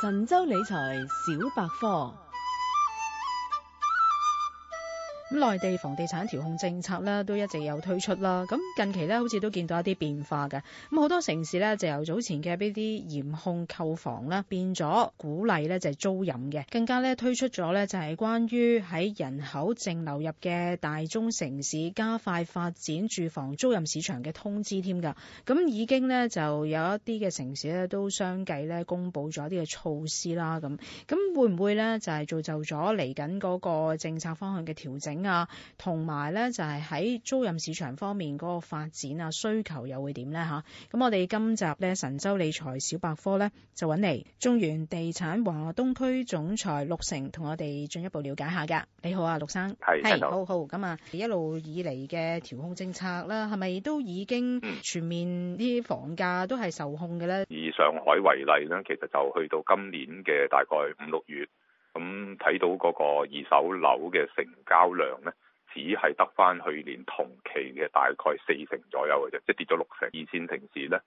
神州理財小百科。咁內地房地產調控政策咧都一直有推出啦，咁近期咧好似都見到一啲變化嘅，咁好多城市咧就由早前嘅呢啲嚴控購房咧變咗鼓勵咧就係租賃嘅，更加咧推出咗咧就係關於喺人口淨流入嘅大中城市加快發展住房租賃市場嘅通知添㗎，咁已經呢，就有一啲嘅城市咧都相繼咧公佈咗一啲嘅措施啦，咁咁會唔會呢？就係造就咗嚟緊嗰個政策方向嘅調整？啊，同埋咧就係喺租賃市場方面嗰個發展啊，需求又會點咧吓？咁我哋今集咧神州理財小百科咧就揾嚟中原地產華東區總裁陸成同我哋進一步了解下噶。你好啊，陸生，係，好好咁啊，一路以嚟嘅調控政策啦，係咪都已經全面啲房價都係受控嘅咧？以上海為例咧，其實就去到今年嘅大概五六月。咁睇到嗰個二手樓嘅成交量咧，只係得翻去年同期嘅大概四成左右嘅啫，即係跌咗六成。二線城市咧，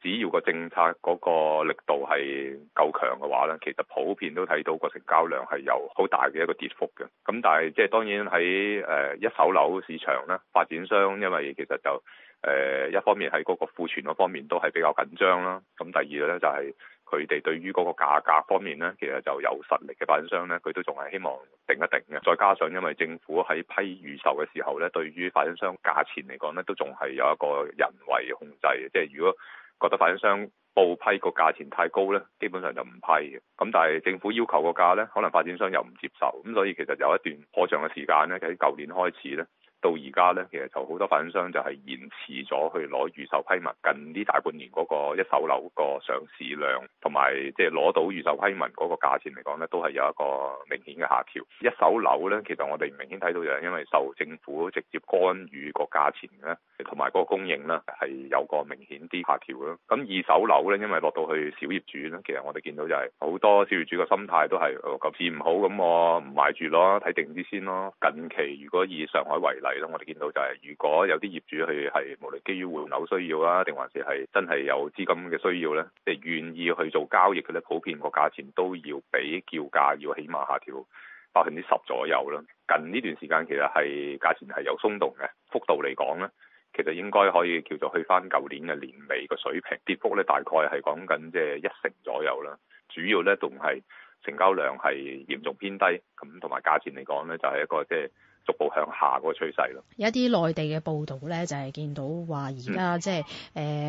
只要個政策嗰個力度係夠強嘅話咧，其實普遍都睇到個成交量係有好大嘅一個跌幅嘅。咁但係即係當然喺誒、呃、一手樓市場咧，發展商因為其實就誒、呃、一方面係嗰個庫存嗰方面都係比較緊張啦。咁第二咧就係、是。佢哋對於嗰個價格方面呢，其實就有實力嘅發展商呢，佢都仲係希望定一定嘅。再加上因為政府喺批預售嘅時候呢，對於發展商價錢嚟講呢，都仲係有一個人為控制嘅。即係如果覺得發展商報批個價錢太高呢，基本上就唔批嘅。咁但係政府要求個價呢，可能發展商又唔接受，咁所以其實有一段好長嘅時間呢，喺舊年開始呢。到而家咧，其實就好多發展商就係延遲咗去攞預售批文。近呢大半年嗰個一手樓個上市量，同埋即係攞到預售批文嗰個價錢嚟講咧，都係有一個明顯嘅下調。一手樓咧，其實我哋明顯睇到就係因為受政府直接干預個價錢咧，同埋個供應啦，係有個明顯啲下調咯。咁二手樓咧，因為落到去小業主咧，其實我哋見到就係好多小業主個心態都係，誒、哦，近市唔好，咁我唔賣住咯，睇定啲先咯。近期如果以上海為例，係咯，我哋見到就係、是，如果有啲業主去係，無論基於換樓需要啊，定還是係真係有資金嘅需要呢，即係願意去做交易嘅呢，普遍個價錢都要比叫價要起碼下調百分之十左右啦。近呢段時間其實係價錢係有鬆動嘅，幅度嚟講呢，其實應該可以叫做去翻舊年嘅年尾個水平，跌幅呢，大概係講緊即係一成左右啦。主要呢仲係成交量係嚴重偏低，咁同埋價錢嚟講呢，就係、是、一個即係。逐步向下個趨勢咯。有一啲內地嘅報道咧，就係、是、見到話而家即係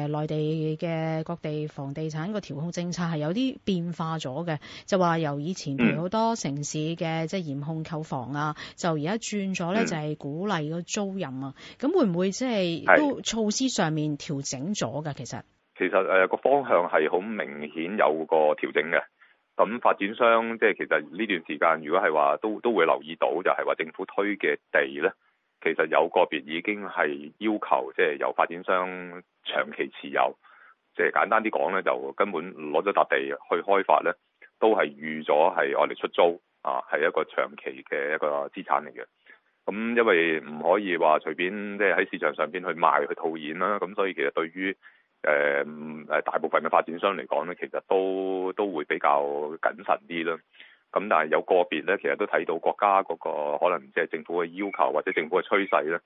誒內地嘅各地房地產個調控政策係有啲變化咗嘅，就話由以前好多城市嘅、嗯、即係嚴控購房啊，就而家轉咗咧、嗯、就係鼓勵個租賃啊。咁會唔會即、就、係、是、都措施上面調整咗噶？其實其實誒個、呃、方向係好明顯有個調整嘅。咁發展商即係其實呢段時間，如果係話都都會留意到，就係話政府推嘅地呢，其實有個別已經係要求即係由發展商長期持有。即係簡單啲講呢，就根本攞咗笪地去開發呢，都係預咗係我哋出租啊，係一個長期嘅一個資產嚟嘅。咁因為唔可以話隨便即係喺市場上邊去賣去套現啦，咁所以其實對於誒誒，um, 大部分嘅發展商嚟講咧，其實都都會比較謹慎啲啦。咁、嗯、但係有個別咧，其實都睇到國家嗰、嗰個可能即係政府嘅要求，或者政府嘅趨勢咧，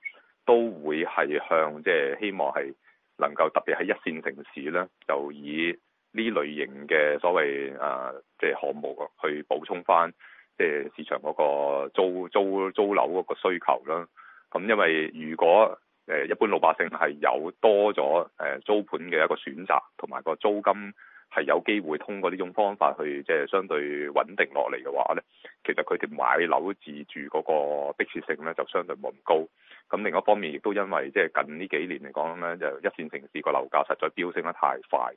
都會係向即係希望係能夠特別喺一線城市咧，就以呢類型嘅所謂啊即係項目去補充翻即係市場嗰個租租租樓嗰個需求啦。咁、嗯、因為如果誒一般老百姓係有多咗誒租盤嘅一個選擇，同埋個租金係有機會通過呢種方法去即係相對穩定落嚟嘅話呢，其實佢哋買樓自住嗰個迫切性呢就相對冇咁高。咁另一方面亦都因為即係近呢幾年嚟講呢就一線城市個樓價實在飆升得太快，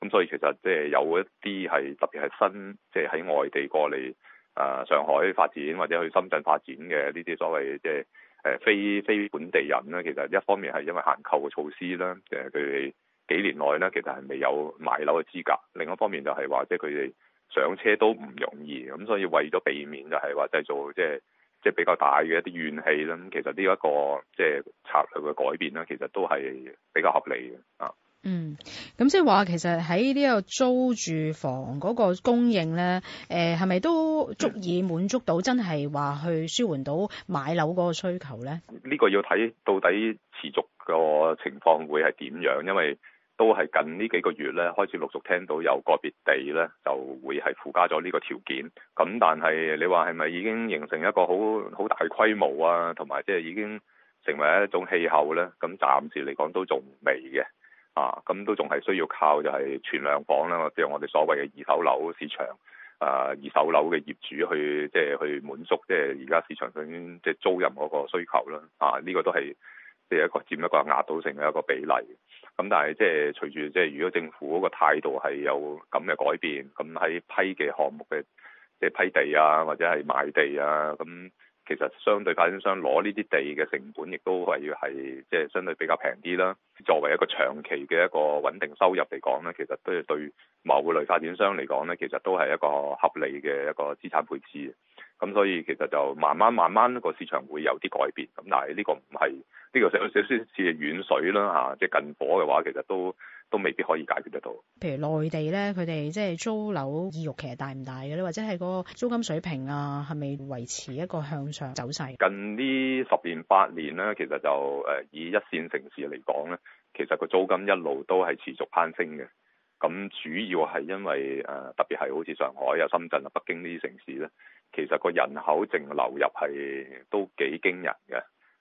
咁所以其實即係有一啲係特別係新即係喺外地過嚟啊、呃、上海發展或者去深圳發展嘅呢啲所謂即係。誒非非本地人咧，其實一方面係因為限購嘅措施啦，誒佢哋幾年內咧，其實係未有買樓嘅資格；另一方面就係話，即係佢哋上車都唔容易，咁所以為咗避免就係話製造即係即係比較大嘅一啲怨氣啦，咁其實呢個一個即係策略嘅改變啦，其實都係比較合理嘅啊。嗯，咁即係話，其實喺呢個租住房嗰個供應咧，誒、呃，係咪都足以滿足到真係話去舒緩到買樓嗰個需求咧？呢個要睇到底持續個情況會係點樣，因為都係近呢幾個月咧開始陸續聽到有個別地咧就會係附加咗呢個條件。咁但係你話係咪已經形成一個好好大規模啊？同埋即係已經成為一種氣候咧？咁暫時嚟講都仲未嘅。啊，咁都仲係需要靠就係存量房啦，即、就、係、是、我哋所謂嘅二手樓市場，啊二手樓嘅業主去即係、就是、去滿足即係而家市場上即係、就是、租任嗰個需求啦。啊，呢、這個都係即係一個佔一個壓倒性嘅一個比例。咁但係即係隨住即係如果政府嗰個態度係有咁嘅改變，咁喺批嘅項目嘅即係批地啊，或者係賣地啊，咁。其實相對發展商攞呢啲地嘅成本，亦都係要係即係相對比較平啲啦。作為一個長期嘅一個穩定收入嚟講呢，其實都係對某類發展商嚟講呢，其實都係一個合理嘅一個資產配置。咁所以其實就慢慢慢慢個市場會有啲改變。咁但係呢個唔係呢個，少少似係遠水啦嚇，即、啊、係近火嘅話，其實都。都未必可以解決得到。譬如內地呢，佢哋即係租樓意欲其實大唔大嘅咧？或者係個租金水平啊，係咪維持一個向上走勢？近呢十年八年呢，其實就誒以一線城市嚟講呢，其實個租金一路都係持續攀升嘅。咁主要係因為誒特別係好似上海啊、深圳啊、北京呢啲城市呢，其實個人口淨流入係都幾驚人嘅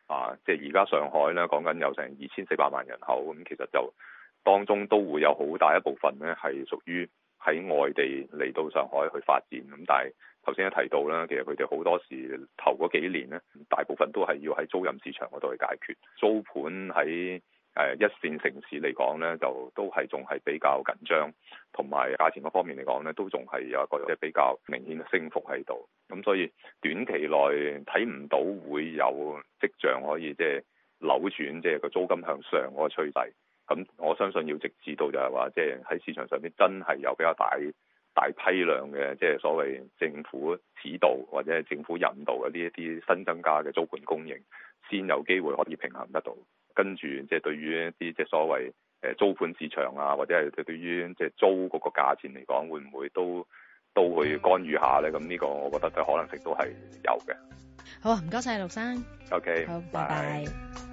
啊！即係而家上海呢，講緊有成二千四百萬人口咁，其實就。當中都會有好大一部分咧，係屬於喺外地嚟到上海去發展。咁但係頭先一提到啦，其實佢哋好多時頭嗰幾年咧，大部分都係要喺租賃市場嗰度去解決租盤。喺誒一線城市嚟講呢，就都係仲係比較緊張，同埋價錢嗰方面嚟講呢，都仲係有一個即比較明顯嘅升幅喺度。咁所以短期內睇唔到會有跡象可以即係扭轉即係個租金向上嗰個趨勢。咁我相信要直至到就係話，即係喺市場上邊真係有比較大大批量嘅，即係所謂政府指導或者政府引導嘅呢一啲新增加嘅租盤供應，先有機會可以平衡得到。跟住即係對於一啲即係所謂誒租盤市場啊，或者係對對於即係租嗰個價錢嚟講，會唔會都都會干預下咧？咁呢個我覺得就可能性都係有嘅。好啊，唔該晒，陸生。OK，好，拜拜。